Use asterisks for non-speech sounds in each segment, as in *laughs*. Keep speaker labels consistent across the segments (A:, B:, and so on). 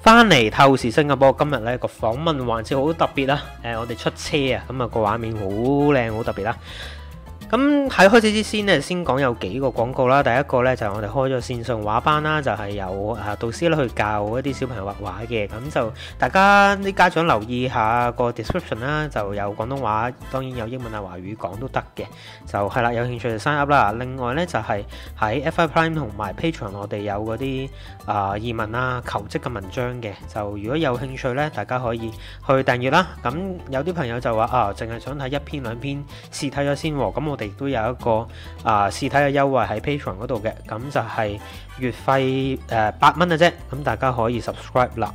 A: 翻嚟透視新加坡，今日呢個訪問環節好特別啦。誒、呃，我哋出車啊，咁啊個畫面好靚，好特別啦。咁喺開始之先咧，先講有幾個廣告啦。第一個咧就係我哋開咗線上畫班啦，就係有啊導師咧去教一啲小朋友畫畫嘅。咁就大家啲家長留意下個 description 啦，就有廣東話，當然有英文啊、華語講都得嘅。就係啦，有興趣就 sign up 啦。另外咧就係喺 FI Prime 同埋 Patreon，我哋有嗰啲啊移民啊求職嘅文章嘅。就如果有興趣咧，大家可以去訂閱啦。咁有啲朋友就話啊，淨係想睇一篇兩篇試睇咗先喎。咁我。我哋都有一個啊、呃，試睇嘅優惠喺 Patreon 嗰度嘅，咁就係月費誒八蚊嘅啫。咁、呃、大家可以 subscribe 啦。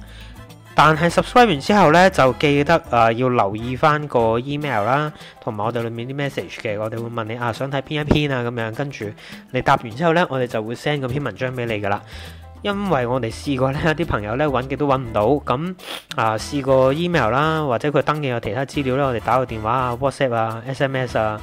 A: 但係 subscribe 完之後呢，就記得誒、呃、要留意翻個 email 啦，同埋我哋裏面啲 message 嘅。我哋會問你啊，想睇邊一篇啊，咁樣跟住你答完之後呢，我哋就會 send 嗰篇文章俾你噶啦。因為我哋試過呢，有啲朋友呢，揾嘅都揾唔到，咁啊、呃、試過 email 啦，或者佢登記有其他資料呢，我哋打個電話啊、WhatsApp 啊、SMS 啊。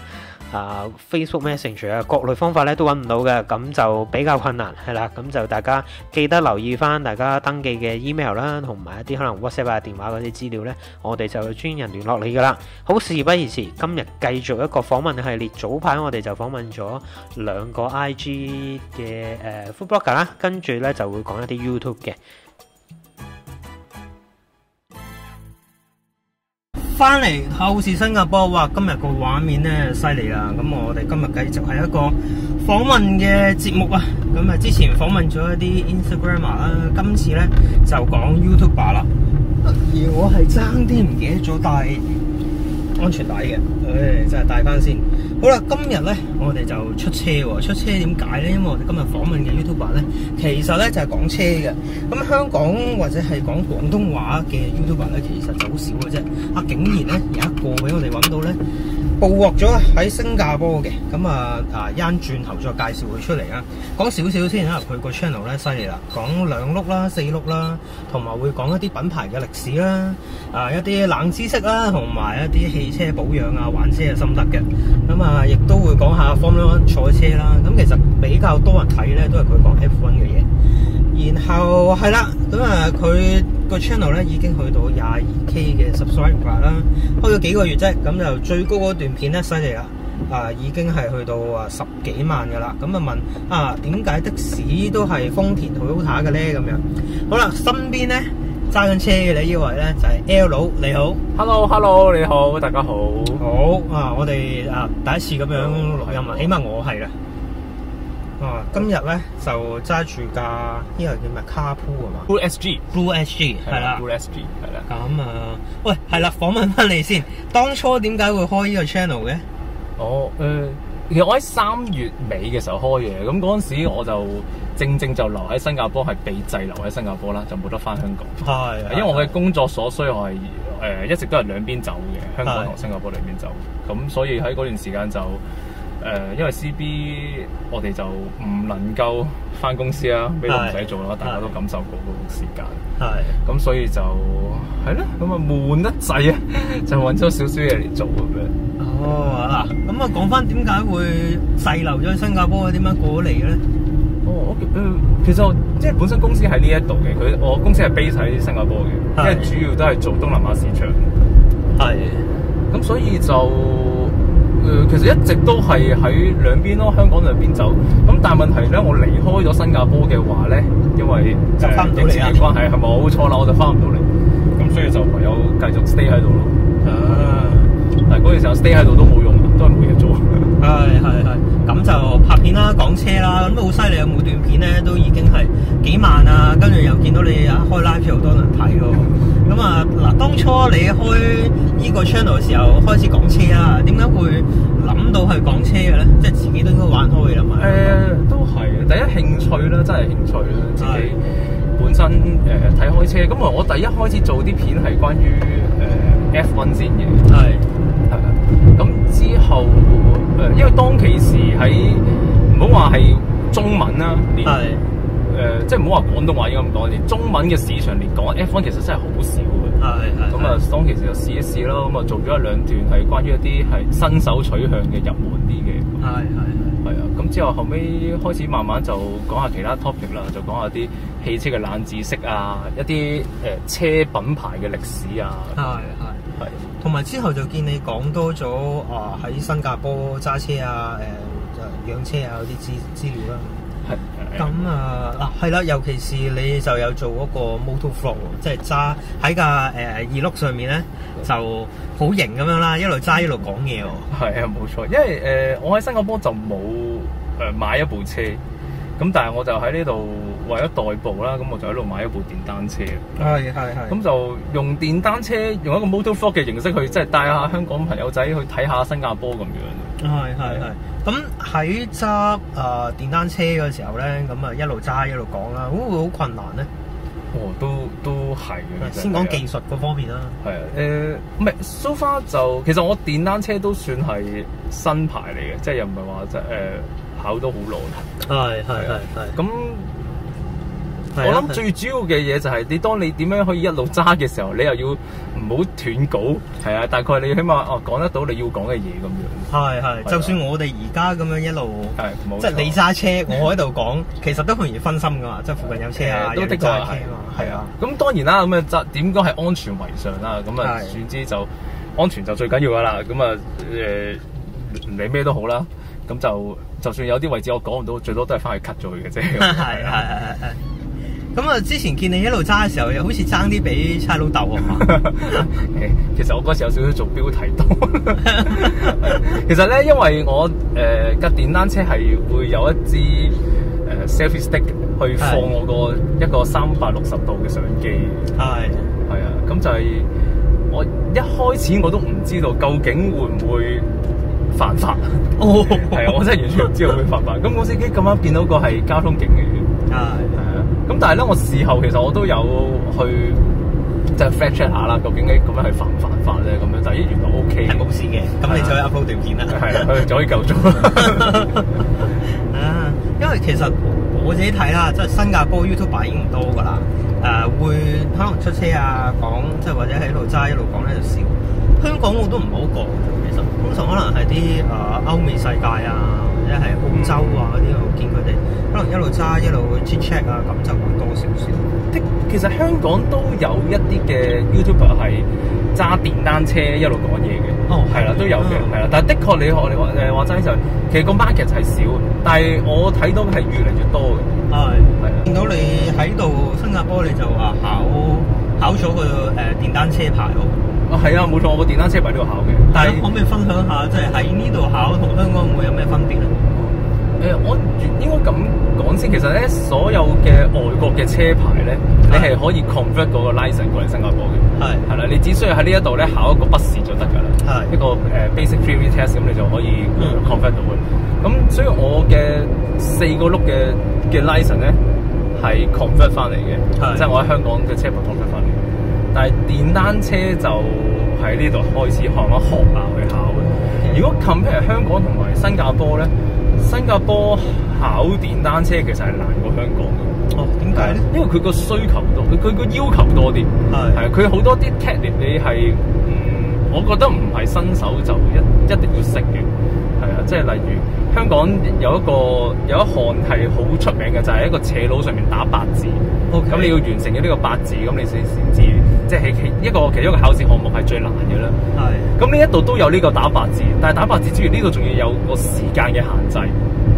A: 啊、uh，Facebook Messenger 啊，各類方法咧都揾唔到嘅，咁就比較困難，係啦，咁就大家記得留意翻大家登記嘅 email 啦，同埋一啲可能 WhatsApp 啊、電話嗰啲資料呢，我哋就專人聯絡你噶啦。好，事不宜遲，今日繼續一個訪問系列，早排我哋就訪問咗兩個 IG 嘅誒、呃、Food Blogger 啦，跟住呢就會講一啲 YouTube 嘅。翻嚟後視新加坡，哇，今日個畫面咧犀利啦。咁我哋今日繼續係一個訪問嘅節目啊。咁、嗯、啊，之前訪問咗一啲 Instagram 啦、啊，今次咧就講 YouTuber 啦。
B: 而
A: 我係爭啲唔記得咗，但係。安全帶嘅，唉，真係帶翻先。好啦，今日咧，我哋就出車喎。出車點解咧？因為我哋今日訪問嘅 YouTuber 咧，其實咧就係講車嘅。咁香港或者係講廣東話嘅 YouTuber 咧，其實就好少嘅啫。啊，竟然咧有一個俾我哋揾到咧。捕獲咗喺新加坡嘅。咁啊啊，一轉頭再介紹佢出嚟啊！講少少先啊，佢個 channel 咧犀利啦，講兩碌啦，四碌啦，同埋會講一啲品牌嘅歷史啦，啊一啲冷知識啦，同埋一啲汽車保養啊，玩車嘅心得嘅，咁啊亦都會講下 Formula One 坐車啦。咁，啊，其實比較多人睇咧，都係佢講 F1 嘅嘢。然後係啦，咁啊佢。個 channel 咧已經去到廿二 k 嘅 subscriber 啦，開咗幾個月啫，咁就最高嗰段片咧犀利啦，啊已經係去到啊十幾萬噶啦，咁啊問啊點解的士都係豐田 Toyota 嘅咧咁樣？好啦，身邊咧揸緊車嘅你，依位咧就係 L 佬，你好，Hello Hello 你好，大家好好啊，我哋啊第一次咁樣錄音啊，Hello. 起碼我係啦。哦，今日咧就揸住架呢個叫咩卡 a 啊嘛，Blue SG，Blue SG 係啦，Blue SG 係啦。咁的啊，喂，係啦，訪問翻你先。當初點解會開個道呢個 channel 嘅？哦，誒、呃，其實我喺三月尾
C: 嘅時候開嘅，咁嗰陣時我就正正就留喺新加坡，係被滯留喺新加坡啦，就冇得翻香港。係，因為我嘅工作所需，所我係誒、呃、一直都係兩邊走嘅，香港同新加坡兩邊走。咁的的所以喺嗰段時間就。誒，因為 C B 我哋就唔能夠翻公司啦，咩都唔使做啦，大家都感受過嗰個時間。係咁的，所以就係咧，咁啊悶得滯啊，就揾咗少少嘢嚟做咁樣。哦，嗱，咁啊講翻點解會滯留咗新加坡啊？點樣過咗嚟咧？哦，其實我即係本身公司喺呢一度嘅，佢我公司係 base 喺新加坡嘅，的因為主要都係做東南亞市場。係咁的，所以就。其實一直都係喺兩邊咯，香港兩邊走。咁但係問題咧，我離開咗新加坡嘅話咧，因為政治嘅關係係冇錯啦，我就翻唔到嚟。咁所以就唯有繼續 stay 喺度咯。啊！
A: 但係嗰陣時候 stay 喺度都冇用，都係冇嘢做。係係係，咁就拍片啦，講車啦，咁好犀利每段片咧都已經係幾萬啊，跟住又見到你開 live 好多人睇噶。咁啊，嗱，當初你開 channel 嘅時候開始講車啊，點解會諗到係講車嘅咧？即係自己都應該玩開嘅嘛。誒、呃，都係第一興趣啦，真係興趣啦。自己本身
C: 誒睇的、呃、開車，咁我第一開始做啲片係關於誒、呃、F1 先嘅。係係的。咁之後誒、呃，因為當其時喺唔好話係中文啦，連誒的、呃、即係唔好話廣東話應該咁講先，中文嘅市場連講 F1 其實真係好少。係，咁啊，當其實就試一試咯，咁啊、嗯，做咗一兩段係關於一啲係新手取向嘅入門啲嘅，係係係啊，咁之後後尾開始慢慢就講下其他 topic 啦，就講下啲汽車嘅冷知識啊，一啲誒車品牌嘅歷史啊，係
A: 係係，同埋之後就見你講多咗啊，喺新加坡揸車啊，誒、嗯、養車啊嗰啲資資料啦、啊。咁啊，嗱係啦，尤其是你就有做嗰個 Moto Vlog，即係揸喺架誒二碌上面咧，嗯、就好型咁樣啦，一路揸一路講嘢。係、嗯、啊，冇錯，因為誒、呃、我喺新加坡就冇
C: 誒、呃、買一部車，咁但係我就喺呢度為咗代步啦，咁我就喺度買一部電單車。係
A: 係係。咁、
C: 嗯、就用電單車，用一個 Moto Vlog 嘅形式去，即係帶下香港朋友仔去睇下新加坡咁樣。
A: 係係係，咁喺揸啊電單車嘅時候咧，咁啊一路揸一路講啦，會唔會好困難咧？哦，都都係。先講技術嗰方面啦。係啊，誒，唔係 so far
C: 就，其實我電單車都算係新牌嚟嘅，即係又唔係話即係誒跑得好耐。係係係係。咁、uh，。 1: 的我諗最主要嘅嘢就係你，當你點樣可以一路揸嘅時候，你又要唔好斷稿，係啊，大概你起
A: 碼哦講得到你要講嘅嘢咁樣。係係的，就算我哋而家咁樣一路，即係你揸車，我喺度講，其實都好容易分心噶嘛，即係附近有車啊，都揸車啊，係啊。
C: 咁的當然啦，咁嘅質點講係安全為上啦，咁啊，算之就安全就最緊要噶啦。咁啊誒，你、呃、咩都好啦，咁就就算有啲位置我講唔到，最多都係翻去 cut 咗佢嘅啫。係係係係。的 *laughs*
A: 咁啊！之前見你一路
C: 揸嘅時候，又好似爭啲俾差佬豆，係嘛？其實我嗰時有少少做標題黨。 *laughs* 其實咧，因為我誒架、呃、電單車係會有一支誒、呃、selfie stick 去放我個一個三百六十度嘅相機。係係啊，咁的的就係我一開始我都唔知道究竟會唔會犯法。哦，係啊，我真係完全唔知道會犯法。咁我先見咁啱見到個係交通警嘅。係的 *laughs* 咁但係咧，我事後其實我都有去即係 fact check 下啦，究竟咧咁樣係犯唔犯法咧？咁樣就咦、OK，原來
A: OK 嘅，冇事嘅。咁你就 upload 條片啦，係啊，就可以夠鐘啊！因為其實我自己睇啦，即係新加坡 YouTuber 已經多噶啦，誒、呃，會可能出車啊，講即係或者喺度齋一路講咧就少。香港我都唔好講，其實通常可能係啲誒歐美世界啊。即係澳洲啊嗰啲，我、嗯、見佢哋可能一路揸一路去 chat chat 啊，咁就會多少少。的其實香港都有一啲嘅 YouTuber 係揸電單車一路講嘢
C: 嘅，哦，係啦，都有嘅，係啦、啊。但係的確你我你話誒話揸呢時候，其實個 market 係少，但係我睇到係越嚟越多嘅。係、啊，見到你喺度新加坡，你就話
A: 考考咗個誒電單車牌喎。啊，係啊，冇錯，我電單車牌都要考嘅。但係可唔可以分享下，即係喺呢度考同香港會有咩分別咧？誒、欸，
C: 我應應該咁講先，其實咧，所有嘅外國嘅車牌咧，你係可以 convert 嗰個 license 過嚟新加坡嘅。係的。係啦，你只需要喺呢一度咧考一個筆試就得噶啦。係的。一個誒 basic theory test，咁你就可以 convert 到嘅。咁、嗯、所以我嘅四個碌嘅嘅 license 咧係 convert 翻嚟嘅，即係的的我喺香港嘅車牌 convert 翻嚟。但係電單車就喺呢度開始學啦，學校去考嘅。如果 compare 香港同埋新加坡咧，新加坡考電單車其實係難過香港嘅。哦，點解咧？因為佢個需求多，佢佢個要求多啲。係。係啊，佢好多啲 tactic 你你係，嗯，我覺得唔係新手就一一定要識嘅。係啊，即係例如香港有一個有一項係好出名嘅，就係一個斜路上面打八字。咁 Okay. 你要完成咗呢個八字，咁你先先至。即係一個其中一個考試項目係最難嘅啦。係咁呢一度都有呢個打八字，但係打八字之餘呢度仲要有個時間嘅限制，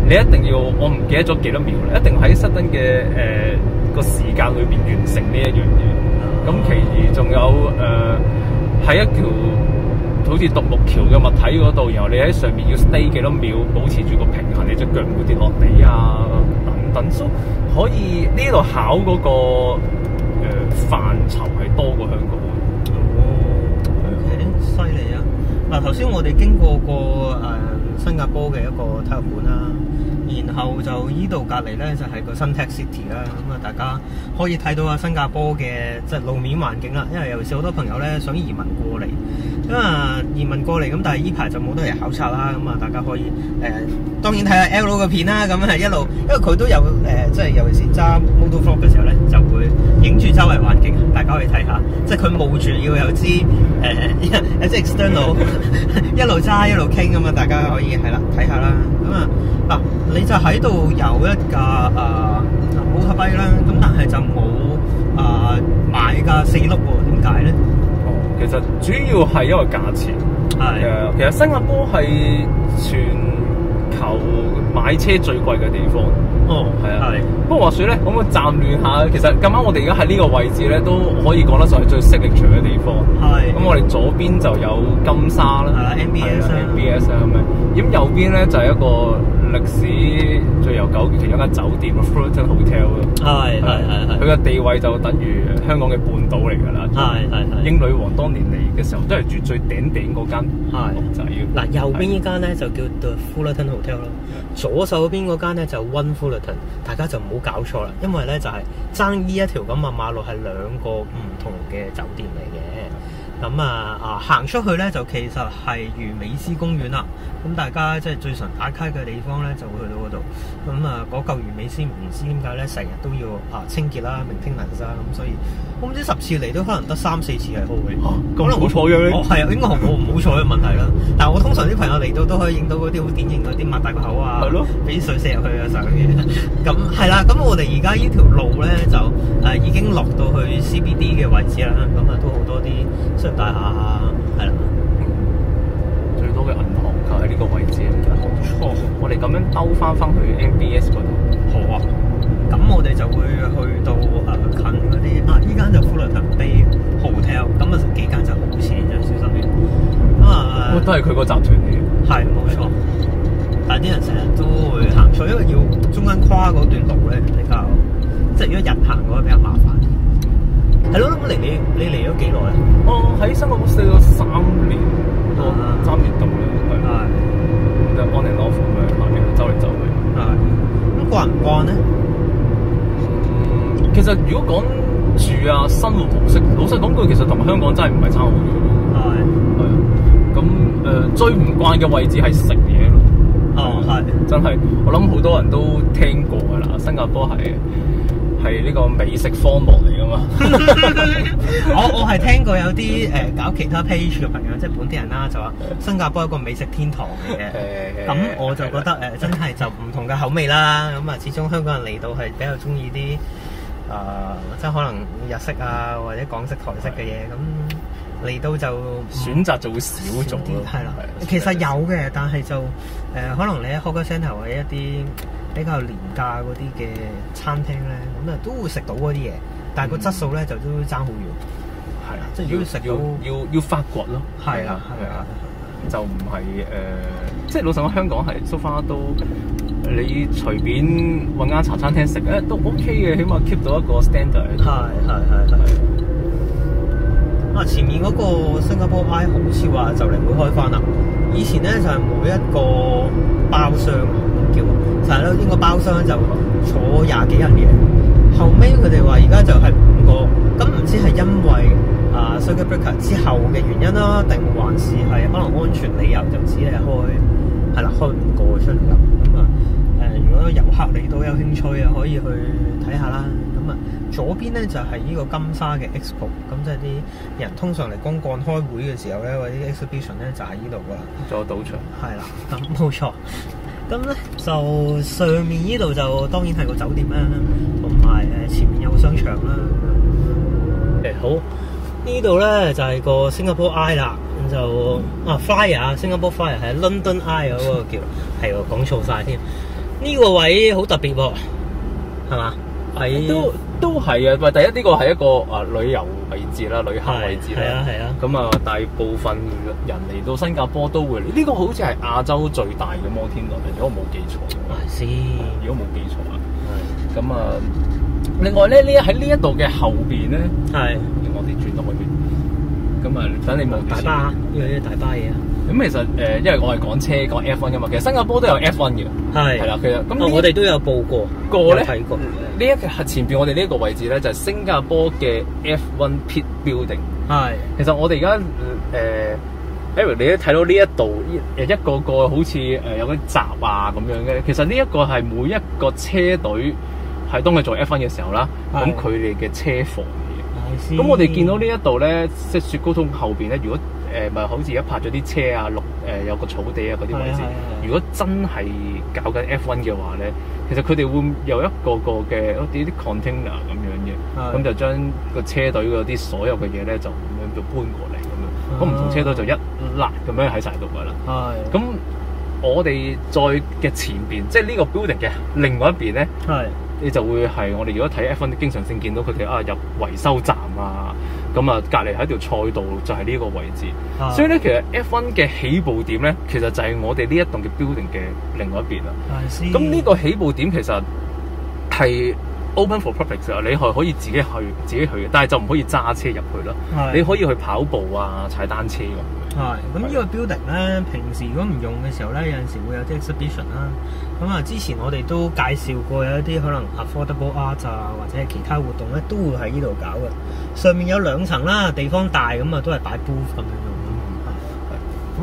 C: 你一定要我唔記得咗幾多秒，一定要喺塞登嘅誒個時間裏邊完成呢一樣嘢。咁其餘仲有誒喺、呃、一條好似獨木橋嘅物體嗰度，然後你喺上面要 stay 幾多秒，保持住個平衡，你隻腳唔會跌落地啊等等，所以可以呢度考嗰、嗰個。
A: 範疇係多過香港啊！哦、嗯，犀利啊！嗱，頭先我哋經過過誒新加坡嘅一個體育館啦，然後就依度隔籬咧就係個 Suntec City 啦。咁啊，大家可以睇到啊新加坡嘅即係路面環境啦。因為尤其是好多朋友咧想移民過嚟，咁啊移民過嚟，咁但係依排就冇得人考察啦。咁啊，大家可以誒、呃，當然睇下 L 佬嘅片啦。咁啊，一路因為佢都有誒，即係尤其是揸 Moto Vlog 嘅時候咧。影住周圍環境，大家可以睇下，即係佢冇住要有支，誒，即係 external *laughs* 一路揸一路傾咁啊！大家可以係啦，睇下啦。咁啊嗱，你就喺度有一架誒摩合車啦，咁、啊、但係就冇誒、啊、買架四碌喎？點解咧？哦，其實主要係因為價錢
C: 係誒，的其實新加坡係全後買車最貴嘅地方，哦，係啊，係的。不過話說咧，咁我暫亂下，其實咁啱我哋而家喺呢個位置咧，都可以講得上係最適力場嘅地方。係、oh, 嗯。咁、嗯、我哋左邊就有金沙啦，係、oh, 的啊，MBS，MBS 的啊咁樣。咁的、啊嗯、右邊咧就係、是、一個。歷史最悠久其中一間酒店啦 *noise* ，Fullerton Hotel 咯。係
A: 係係，佢個
C: 地位就等於香港嘅半島嚟㗎啦。係係。英女王當年嚟嘅時候都係住最頂頂嗰間。
A: 係。 *noise* 對就係，嗱， *noise* 右邊呢間咧就叫 The Fullerton Hotel 啦。左手邊嗰間咧就 One Fullerton，大家就唔好搞錯啦，因為咧就係爭呢一條咁嘅馬路係兩個唔同嘅酒店嚟嘅。咁啊啊行出去咧就其實係魚尾獅公園啦，咁大家即係最常打卡嘅地方咧就會去到嗰度。咁啊嗰嚿魚尾獅唔知點解咧成日都要啊清潔啦、滅菌啦咁，所以我唔、哦、知十次嚟都可能得三四次係好嘅。嚇、啊，可能唔好彩嘅咧。啊，哦、應該好唔好彩嘅問題啦。但係我通常啲朋友嚟到都可以影到嗰啲好典型嗰啲擘大個口啊，俾水射入去啊。相嘅。咁係啦，咁我哋而家呢條路咧就誒、啊、已經落到去 CBD 嘅位置啦，咁啊都好多啲。大廈係啦，
C: 啊、最多嘅銀行就喺呢個位置啊。冇錯，我哋咁樣兜翻翻去
A: MBS 嗰度，好啊。咁我哋就會去到誒近嗰啲啊，依間就富勒登 Bay Hotel，咁啊幾間就好似就小心啲。咁啊，啊哦、都係佢個集團嚟嘅。係，冇錯。的但係啲人成日都會行錯，因為要中間跨嗰段路咧比較，即係如果人行嘅話比較麻煩。係咯，咁嚟，你你嚟咗幾耐啊？我喺、哦、新加
C: 坡住咗三年，好多三年度啦，係，都係 on and off 咁樣，反正走嚟走去。係、嗯，咁慣唔慣咧？乖乖呢嗯，其實如果講住啊生活模式，老實講句，其實同香港真係唔係差好遠咯。係，係。咁誒、呃，最唔慣嘅位置係食嘢咯。哦、啊，係。真係，我諗好多人都聽過噶啦，新加坡係係呢個美食荒漠嚟
A: 㗎嘛！ *laughs* *laughs* Oh，我我係聽過有啲誒、呃、搞其他 page 嘅朋友，即係本地人啦，就話新加坡一個美食天堂嚟嘅。咁 *laughs* 我就覺得誒、 *laughs* 呃，真係就唔同嘅口味啦。咁、嗯、啊，始終香港人嚟到係比較中意啲啊，即係可能日式啊，或者港式、台式嘅嘢咁。的嚟到就選擇做少做啲。係啦 po target。其實有嘅，但係就誒可能你喺 hawker centre 或者一啲比較廉價嗰啲嘅餐廳咧，咁啊都會到食到嗰啲嘢，但係個、嗯、質素咧就都爭好遠。係啊，即係如果食到要要發掘咯。係啊，係啊，
C: 就唔係誒，uh, 即係老實講，香港係 so far 都你隨便揾間茶餐廳食都 OK 嘅，起碼 keep 到一個 standard h,。係係係係。
A: 啊！前面嗰個新加坡 I 好似話就嚟會開翻啦。以前咧就係、是、每一個包廂叫，就係咯，一個包廂就坐廿幾人嘅。後尾佢哋話而家就係五個，咁唔知係因為啊，Circuit Breaker 之後嘅原因啦，定還是係可能安全理由就只係開，係啦，開五個出嚟咁。咁、嗯、啊，誒、呃，如果遊客你都有興趣啊，可以去睇下啦。咁啊，左邊咧就係呢個金沙嘅 expo，咁即係啲人通常嚟公幹開會嘅時候咧，或者啲 exhibition 咧就喺呢度噶啦，左賭場係啦，咁冇錯。咁咧就上面呢度就當然係個酒店啦，同埋誒前面有個商場啦。誒好，呢度咧就係個 Singapore Eye 啦，咁就、嗯、啊 Flyer，、er, 啊，Singapore Flyer 係 London Eye 嗰個叫，係哦講錯晒添。呢個位好特別喎，係嘛？係都都係啊！唔、啊、第一呢個係一個
C: 啊旅遊位置啦，旅客位置啦。係啊係啊。咁啊，大部分人嚟到新加坡都會呢、這個，好似係亞洲最大嘅摩天輪，如果我冇記錯。係先的，如果冇記錯啊。係的。咁啊，另外咧，呢喺呢一度嘅後邊咧，係我哋轉到去邊。咁啊，等你問。大巴，呢啲大巴嘢啊！有有咁其實誒、呃，因為我係講車講 F1 噶嘛，其實新加坡都有 F1 嘅。係係啦。其實咁、哦、我哋
A: 都有報過個有過
C: 咧，呢一嘅係前邊我哋呢一個位置咧，就係、是、新加坡嘅 F1 Pit Building。係的，其實我哋而家誒 Eric 你都睇到呢一度誒一個個好似誒有啲閘啊咁樣嘅，其實呢一個係每一個車隊係當佢做 F1 嘅時候啦，咁佢哋嘅車房。
A: 咁我哋見到
C: 呢一度咧，即雪糕筒後邊咧，如果誒咪、呃、好似而家拍咗啲車啊，綠誒、呃、有個草地啊嗰啲位置，是是是如果真係搞緊 F1 嘅話咧，其實佢哋會有一個個嘅啲啲 container 咁樣嘅，咁是的 就將個車隊嗰啲所有嘅嘢咧就咁樣就搬過嚟咁樣，咁唔同車隊就一辣咁樣喺晒度噶啦，係咁是的。我哋再嘅前邊，即係呢個 building 嘅另外一邊咧，係是你就會係我哋如果睇 F1 經常性見到佢哋啊入維修站啊，咁啊隔離喺條賽道就係呢個位置。是所以咧，其實 F1 嘅起步點咧，其實就係我哋呢一棟嘅 building 嘅另外一邊啊。咁呢的個起步點其實係。Open for public 嘅，你係可以自己去，自己去嘅，但係就唔可以揸車入去咯。的你可以去跑步啊，踩單車咁。
A: 係咁呢個 building 咧，平時如果唔用嘅時候咧，有陣時會有啲 exhibition 啦。咁、嗯、啊，之前我哋都介紹過有一啲可能 affordable art 啊，或者係其他活動咧，都會喺呢度搞嘅。上面有兩層啦、啊，地方大咁啊，都係擺 booth 咁樣用。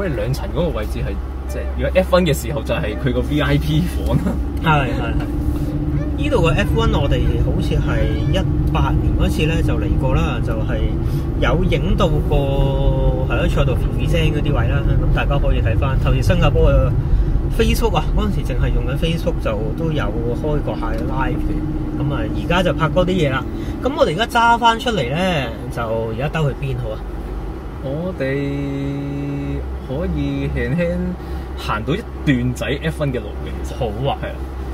A: 咁你兩層嗰個位置係即係如果 F1 嘅時候就係佢個 V I P 房啦。係係的 *laughs* 呢度嘅 F1 我哋好似係一八年嗰次咧就嚟過啦，就係、是、有影到個喺個賽道旁邊嗰啲位啦，咁大家可以睇翻。頭先新加坡嘅 Facebook 啊，嗰陣時淨係用緊 Facebook 就都有開過下 live 嘅。咁啊而家就拍多啲嘢啦。咁我哋而家揸翻出嚟咧，就而家兜去邊好啊？
C: 我哋可以輕輕行到一段仔 F1 嘅路嘅，其實好啊，係。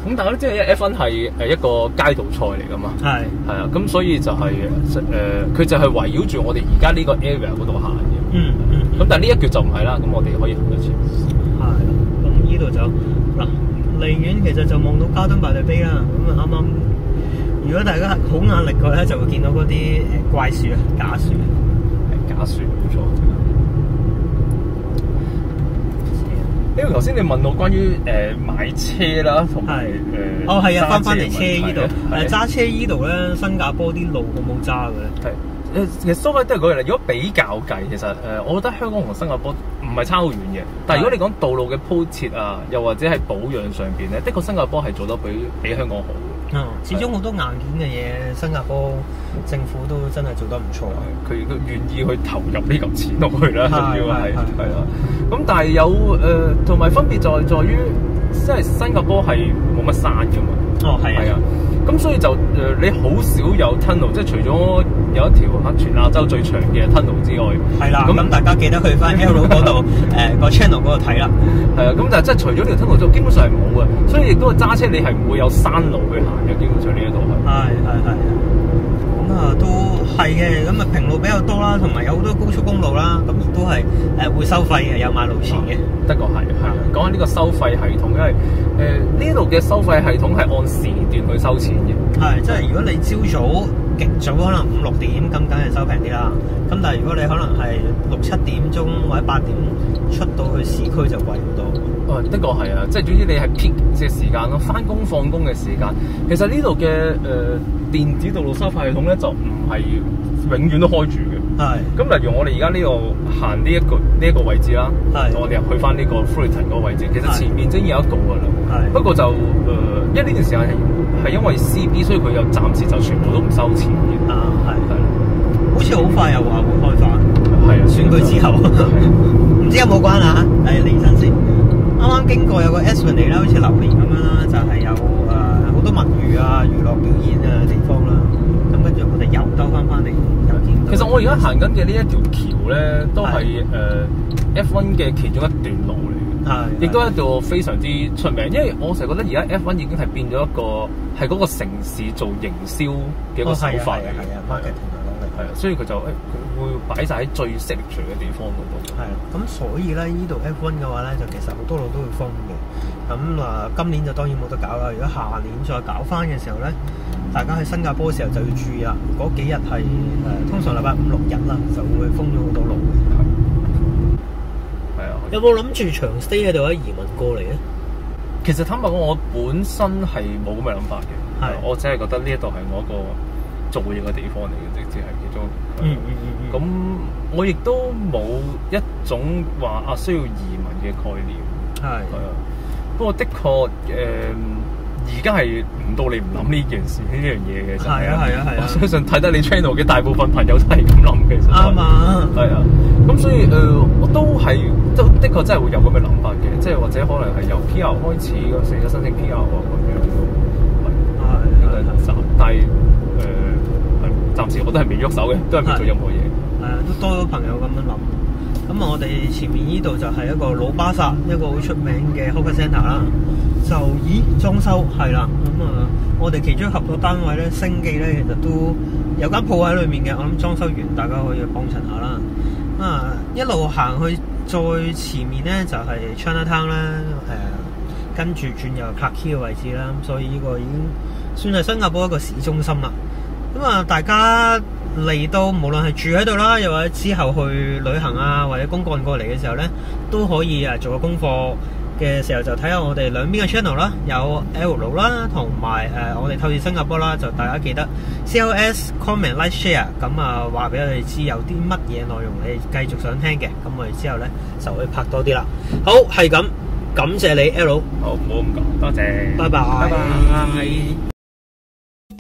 C: 咁大家都知係一 fun 係誒一個街道菜嚟噶嘛，係係啊，咁所以就係誒佢就係圍繞住我哋而家呢個 area 嗰度行嘅，嗯
A: 嗯。
C: 咁但係呢一橛就唔係啦，咁我哋
A: 可以行一次。係，咁呢度就！嗱，荔園其實就望到加登伯爵碑啦。咁啊啱啱，如果大家好眼力嘅咧，就會見到嗰啲誒怪樹啊假樹啊，假樹冇錯。因為頭先你問我關於誒、呃、買車啦，同埋誒哦係啊，翻翻嚟車依度，誒揸車依度咧，新加坡啲路好唔好揸嘅？係，
C: 其實所謂都係嗰樣。如果比較計，其實誒，我覺得香港同新加坡唔係差好遠嘅。但係如果你講道路嘅鋪設啊，又或者係保養上邊咧，的確新加坡係做得比比香港好。
A: 嗯，始終好多硬件嘅嘢，新加坡政府都真係做得唔錯，
C: 佢都願意去投入呢嚿錢落去啦，仲要係係啊，咁但係有誒，同埋分別在在於。即係新加坡係冇乜山嘅嘛，哦係啊，咁所以就誒、呃、你好少有 tunnel，即係除咗有一條嚇全亞洲最長嘅 tunnel 之外，係啦，咁咁大家記得去翻 L 嗰度誒個 channel 嗰度睇啦，係啊，咁就即係除咗條 tunnel 之外，基本上係冇啊，所以亦都係揸車你係唔
A: 會有山路去行嘅，基本上呢一度係。係係係。啊，都係嘅，咁啊平路比較多啦，同埋有好多高速公路啦，咁亦都係誒會收費嘅，有買路錢嘅。的確係，係。講緊呢個收費系統，因為誒呢度嘅收費系統係按時段去收錢嘅。係、嗯，即係如果你朝早極早可能五六點，咁梗係收平啲啦。咁但係如果你可能係六七點鐘或者八點出到去市區，就貴好多。啊，的確係啊，即係總之你係 peak 嘅時間咯，返工放
C: 工嘅時間。其實呢度嘅誒電子道路收費系統咧，就唔係永遠都開住嘅。係。咁例如我哋而家呢度行呢一個呢一個位置啦，係。我哋入去返呢個 Fullerton 嗰個位置，其實前面已經有一個噶啦。係。不過就誒，因為呢段時間係係因為 C B，所以佢又暫時就全部都唔收錢。啊，係。好似好快又
A: 話會開返。係啊。選舉之後。係。唔知有冇關啊？誒，李啱啱經過有個 Esplanade 嚟啦，好似榴槤咁啦，就係、是、有誒好多物語啊、娛樂表演嘅地方啦。咁跟住我哋又兜翻翻嚟。其實我而家行緊嘅呢一條橋咧，都係誒 F1 嘅
C: 其中一段路嚟嘅，係的。亦都係一個非常之出名，因為我成日覺得而家 F1 已經係變咗一個係嗰個城市做營銷嘅一個手法嚟嘅。哦係啊，所以佢就誒會擺晒喺最適除嘅地方度。係
A: 啦，咁所以咧呢度 F1 嘅話咧，就其實好多路都會封嘅。咁啊、呃，今年就當然冇得搞啦。如果下年再搞翻嘅時候咧，大家喺新加坡嘅時候就要注意啦。嗰幾日係誒、呃、通常禮拜五六日啦，就會封咗好多路。係。係啊。有冇諗住長 stay 度移民過嚟咧？其實坦白講，我本身係
C: 冇咁嘅諗法嘅。係的。我只係覺得呢一度係我一個。做嘢嘅地方嚟嘅，直接係其中。咁、嗯嗯嗯、我亦都冇一種話啊，需要移民嘅概念。係的。係啊的。不過的確，誒、呃，而家係唔到你唔諗呢件事呢樣嘢嘅，真係啊係啊係啊！我相信睇得你 channel 嘅大部分朋友都係咁諗，其實啱啊。係啊。咁的所以，誒、呃，我都係即的確真係會有咁嘅諗法嘅，即係或者可能係由 P.R. 開始個成個申請 P.R. 啊咁樣但係。暫時我都
A: 係未喐手嘅，都係唔做任何嘢。係、嗯、都多咗朋友咁樣諗。咁啊，我哋前面呢度就係一個老巴薩，一個好出名嘅 Hawker Centre 啦。就咦，裝修係啦。咁啊，我哋其中合作單位咧，星記咧，其實都有間鋪喺裏面嘅。我諗裝修完，大家可以去幫襯下啦。咁啊，一路行去再前面咧，就係、是、Chinatown 啦。誒、呃，跟住轉入 Clarke 嘅位置啦。所以呢個已經算係新加坡一個市中心啦。咁啊，大家嚟到，無論係住喺度啦，又或者之後去旅行啊，或者公幹過嚟嘅時候呢，都可以啊做個功課嘅時候就睇下我哋兩邊嘅 channel 啦，有 L 佬啦，同埋誒我哋透視新加坡啦，就大家記得 CLS comment like share，咁啊話俾我哋知有啲乜嘢內容你繼續想聽嘅，咁我哋之後呢，就會拍多啲啦。好，係咁，感謝你 L，好唔好咁講，多謝，拜拜，拜拜。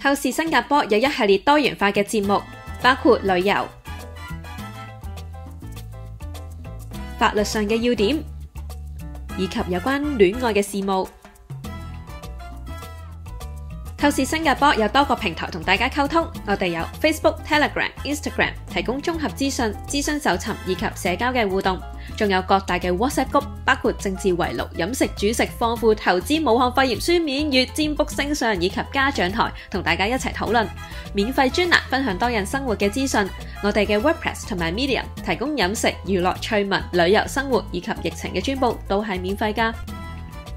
B: 透視新加坡有一系列多元化嘅節目，包括旅遊、法律上嘅要點，以及有關戀愛嘅事務。透視新加坡有多個平台同大家溝通，我哋有 Facebook、Telegram、Instagram，提供綜合資訊、諮詢搜尋以及社交嘅互動。仲有各大嘅 WhatsApp group，包括政治圍爐、維六、飲食、煮食、豐富、投資、武漢肺炎書、書面、月占卜、星相以及家長台，同大家一齊討論。免費專欄分享多人生活嘅資訊。我哋嘅 WordPress 同埋 Medium 提供飲食、娛樂、趣聞、旅遊、生活以及疫情嘅專報，都係免費㗎。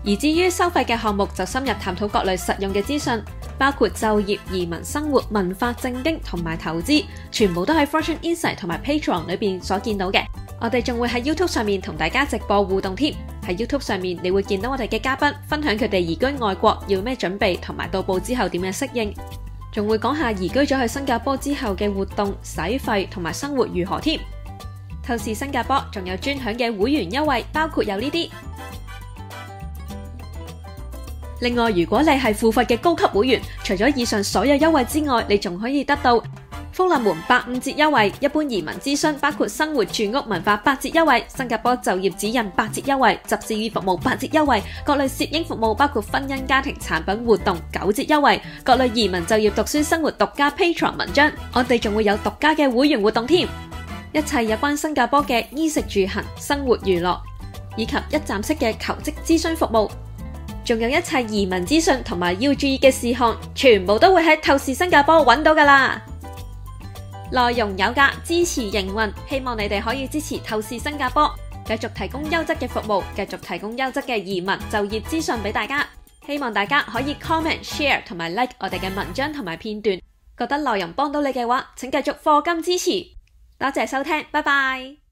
B: 而至於收費嘅項目，就深入探討各類實用嘅資訊，包括就業、移民、生活、文化、政經同埋投資，全部都喺 Fortune Insight 同埋 Patreon 裏邊所見到嘅。我哋仲會喺 YouTube 上面同大家直播互動添。喺 YouTube 上面，你會見到我哋嘅嘉賓分享佢哋移居外國要咩準備，同埋到步之後點樣適應，仲會講下移居咗去新加坡之後嘅活動、使費同埋生活如何添。透視新加坡仲有專享嘅會員優惠，包括有呢啲。。另外，如果你係付費嘅高級會員，除咗以上所有優惠之外，你仲可以得到，福利門八五折優惠，一般移民諮詢包括生活住屋文化八折優惠，新加坡就業指引八折優惠，集市與服務八折優惠，各類攝影服務包括婚姻家庭產品活動九折優惠，各類移民就業讀書生活獨家 Patreon 文章，我哋仲會有獨家嘅會員活動添，一切有關新加坡嘅衣食住行、生活娛樂以及一站式嘅求職咨詢服務仲有一切移民資訊同埋要注意嘅事項，全部都會喺透視新加坡揾到噶啦。內容有價，支持營運，希望你哋可以支持透視新加坡，繼續提供優質嘅服務，繼續提供優質嘅移民就業資訊俾大家。希望大家可以 comment、share 同埋 like 我哋嘅文章同埋片段。覺得內容幫到你嘅話，請繼續課金支持。多謝收聽，拜拜。